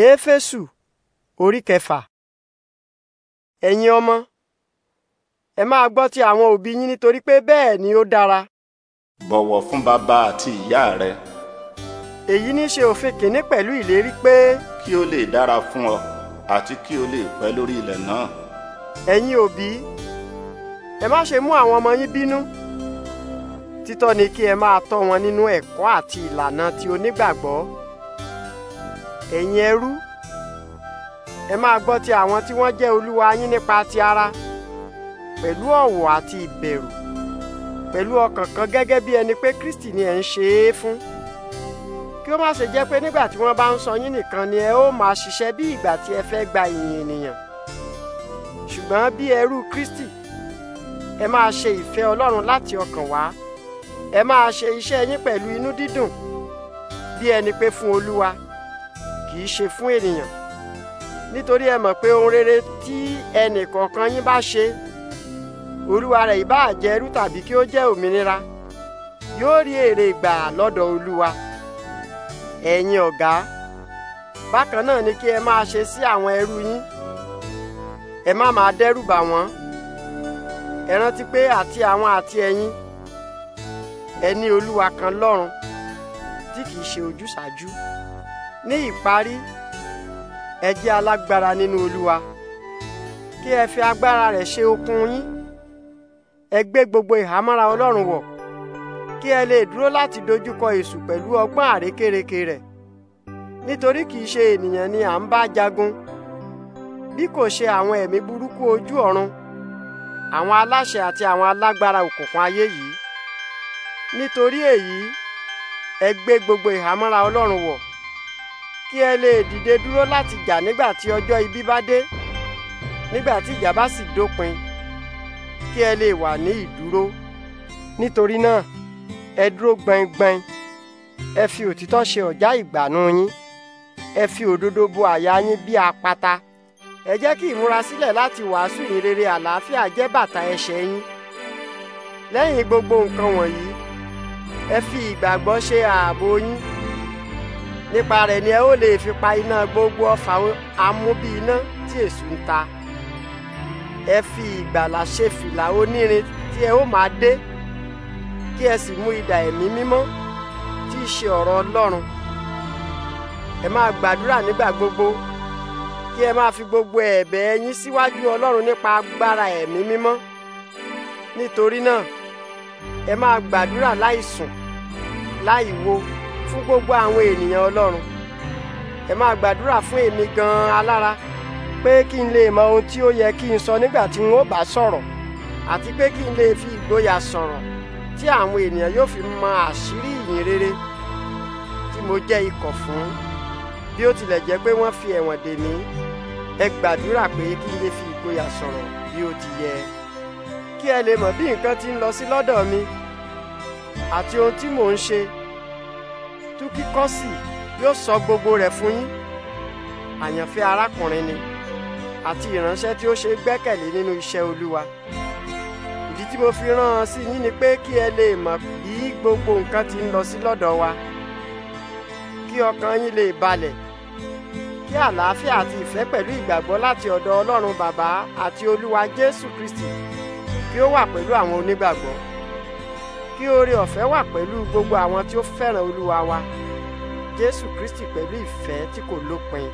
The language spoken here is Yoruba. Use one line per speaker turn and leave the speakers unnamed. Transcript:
éfésù orí kẹfà ẹ̀yin ọmọ ẹ máa gbọ́ ti àwọn òbí yín nítorí pé bẹ́ẹ̀ ni ó dára. bọ̀wọ̀ fún bàbá àti ìyá rẹ. èyí ní ṣe òfin kìíní pẹ̀lú ìlérí pé. kí ó lè dára fún ọ àti kí ó lè pẹ́ lórí ilẹ̀ náà. ẹ̀yin òbí ẹ má ṣe mú àwọn ọmọ yín bínú títọ́ ni kí ẹ máa tọ́ wọn nínú ẹ̀kọ́ àti ìlànà ti onígbàgbọ́ ẹ̀yin ẹrú ẹ máa gbọ́ ti àwọn tí wọ́n jẹ́ olúwa yín nípa ti ara pẹ̀lú ọ̀wọ̀ àti ìbẹ̀rù pẹ̀lú ọkàn kan gẹ́gẹ́ bí ẹni pé Kristi ni ẹ̀ ń ṣe é fún kí ó má ṣe jẹ́ pé nígbà tí wọ́n bá ń sọ yín nìkan ni ẹ ó máa ṣiṣẹ́ bí ìgbà tí ẹ fẹ́ gba ìyìn ènìyàn ṣùgbọ́n bí ẹrú Kristi ẹ máa ṣe ìfẹ́ Ọlọ́run láti ọkàn wá ẹ máa ṣe iṣẹ́ yín pẹ̀lú inú dídùn bí ẹni pé fún Olúwa kì í ṣe fún ènìyàn nítorí ẹ mọ̀ pé ohun rere tí ẹnìkọ̀ọ̀kan yín bá ṣe olúwa rẹ̀ ìbáà jẹ́ ẹrú tàbí kí ó jẹ́ òmìnira yóò rí èrè gbà lọ́dọ̀ olúwa ẹ̀yin ọ̀gá bákan náà ni kí ẹ máa ṣe sí àwọn ẹrú yín ẹ má máa dẹ́rù bà wọ́n ẹ rántí pé àti àwọn àti ẹ̀yin ẹ ní olúwa kan lọ́run tí kìí ṣe ojúsàájú ní ìparí ẹ jẹ́ alágbára nínú olúwa kí ẹ fi agbára rẹ̀ ṣe okun yín ẹ gbé gbogbo ìhámọ́ra ọlọ́run wọ̀ kí ẹ lè dúró láti dojúkọ èṣù pẹ̀lú ọgbọ́n àrékérekè rẹ̀ nítorí kìí ṣe ènìyàn ni à ń bá jagun bí kò ṣe àwọn ẹ̀mí burúkú ojú ọ̀run àwọn aláṣẹ àti àwọn alágbára òkùnkùn ayé yìí nítorí èyí ẹ gbé gbogbo ìhámọ́ra ọlọ́run wọ̀ kí ẹ lè dìde dúró láti jà nígbà tí ọjọ́ ibi bá dé nígbà tí ìjà bá sì dópin kí ẹ lè wà ní ìdúró nítorí náà ẹ dúró gbẹngbẹng ẹ fi òtítọ́ ṣe ọ̀já ìgbànú yín ẹ fi òdodo bo àyà yín bí apata ẹ jẹ́ kí ìmúrasílẹ̀ láti wàásù ìrere àlàáfíà jẹ́ bàtà ẹsẹ̀ yín lẹ́yìn gbogbo nǹkan wọ̀nyí ẹ fi ìgbàgbọ́ ṣe ààbò yín nípa rẹ̀ ni ẹ ó lè fi pa iná gbogbo ọfà amúbí iná tí èṣù ń ta ẹ fi ìgbàlà ṣe fìlà onírin tí ẹ ó máa dé kí ẹ sì mú idà ẹ̀mí mímọ́ tí í ṣe ọ̀rọ̀ Ọlọ́run ẹ máa gbàdúrà nígbà gbogbo kí ẹ máa fi gbogbo ẹ̀bẹ̀ yín síwájú Ọlọ́run nípa agbára ẹ̀mí mímọ́ nítorí náà ẹ máa gbàdúrà láì sùn láì wo fún gbogbo àwọn ènìyàn Ọlọ́run ẹ máa gbàdúrà fún èmi gan-an alára pé kí n lè mọ ohun tí ó yẹ kí n sọ nígbà tí n ó bá sọ̀rọ̀ àti pé kí n lè fi ìgboyà sọ̀rọ̀ tí àwọn ènìyàn yóò fi mọ àṣírí ìyìn rere tí mo jẹ́ ikọ̀ fún bí ó tilẹ̀ jẹ́ pé wọ́n fi ẹ̀wọ̀n dè mí ẹ gbàdúrà pé kí n lè fi ìgboyà sọ̀rọ̀ bí ó ti yẹ kí ẹ lè mọ̀ bí nǹkan ti ń lọ sí lọ́dọ̀ mi àti ohun tí mò ń ṣe. Tukikọsi yóò sọ gbogbo rẹ̀ fún yín àyànfẹ́ arákùnrin ni àti ìránṣẹ́ tí ó ṣe gbẹ́kẹ̀lé nínú iṣẹ́ Olúwa ìdí tí mo fi rán an sí yín ni pé kí ẹ lè mọ̀ bí gbogbo nǹkan ti ń lọ sí lọ́dọ̀ wa kí ọkàn yín lè balẹ̀ kí àlàáfíà àti ìfẹ́ pẹ̀lú ìgbàgbọ́ láti ọ̀dọ̀ Ọlọ́run Bàbá àti Olúwa Jésù Kristi kí ó wà pẹ̀lú àwọn onígbàgbọ́. Kí oore ọ̀fẹ́ wà pẹ̀lú gbogbo àwọn tí ó fẹ́ràn Olúwa wa Jésù Kristi pẹ̀lú ìfẹ́ tí kò lópin.